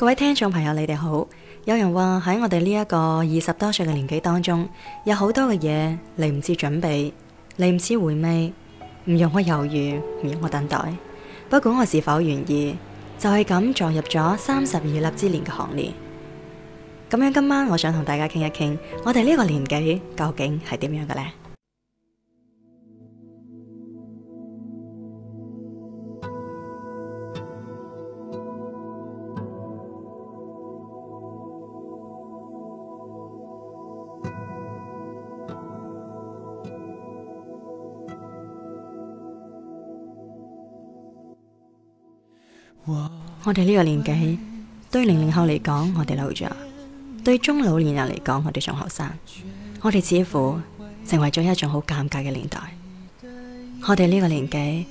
各位聽眾朋友，你哋好。有人話喺我哋呢一個二十多歲嘅年紀當中，有好多嘅嘢嚟唔切準備，嚟唔切回味，唔容我猶豫，唔容我等待。不管我是否願意，就係咁撞入咗三十而立之年嘅行列。咁樣今晚我想同大家傾一傾，我哋呢個年紀究竟係點樣嘅咧？我哋呢個年紀，對零零後嚟講，我哋老咗；對中老年人嚟講，我哋仲後生。我哋似乎成為咗一種好尷尬嘅年代。我哋呢個年紀，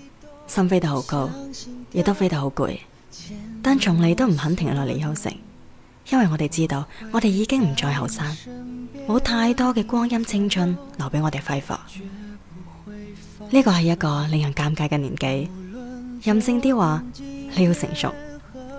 心飛得好高，亦都飛得好攰，但從嚟都唔肯停落嚟休息，因為我哋知道，我哋已經唔再後生，冇太多嘅光陰青春留俾我哋揮霍。呢個係一個令人尷尬嘅年紀。任性啲話，你要成熟。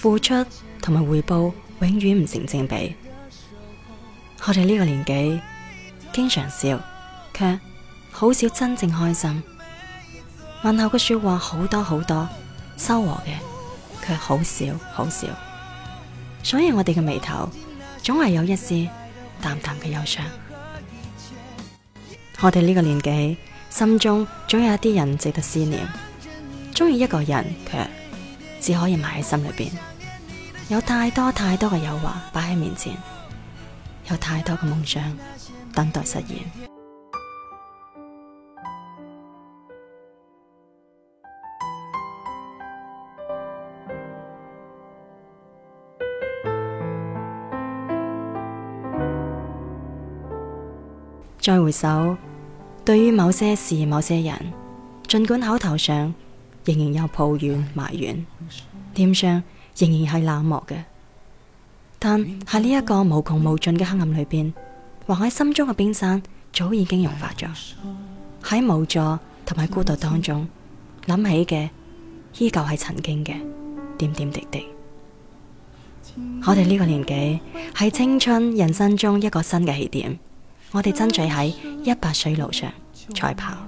付出同埋回報永遠唔成正比。我哋呢個年紀經常笑，卻好少真正開心。問候嘅說話好多好多，收穫嘅卻好少好少。所以我哋嘅眉頭總係有一絲淡淡嘅憂傷。我哋呢個年紀心中總有一啲人值得思念，中意一個人卻。只可以埋喺心裏邊，有太多太多嘅誘惑擺喺面前，有太多嘅夢想等待實現。再回首，對於某些事、某些人，盡管口頭上。仍然有抱怨埋怨，臉上仍然係冷漠嘅，但喺呢一個無窮無盡嘅黑暗裏邊，橫喺心中嘅冰山早已經融化咗。喺無助同埋孤獨當中，諗起嘅依舊係曾經嘅點點滴滴。我哋呢個年紀係青春人生中一個新嘅起點，我哋爭取喺一百歲路上賽跑。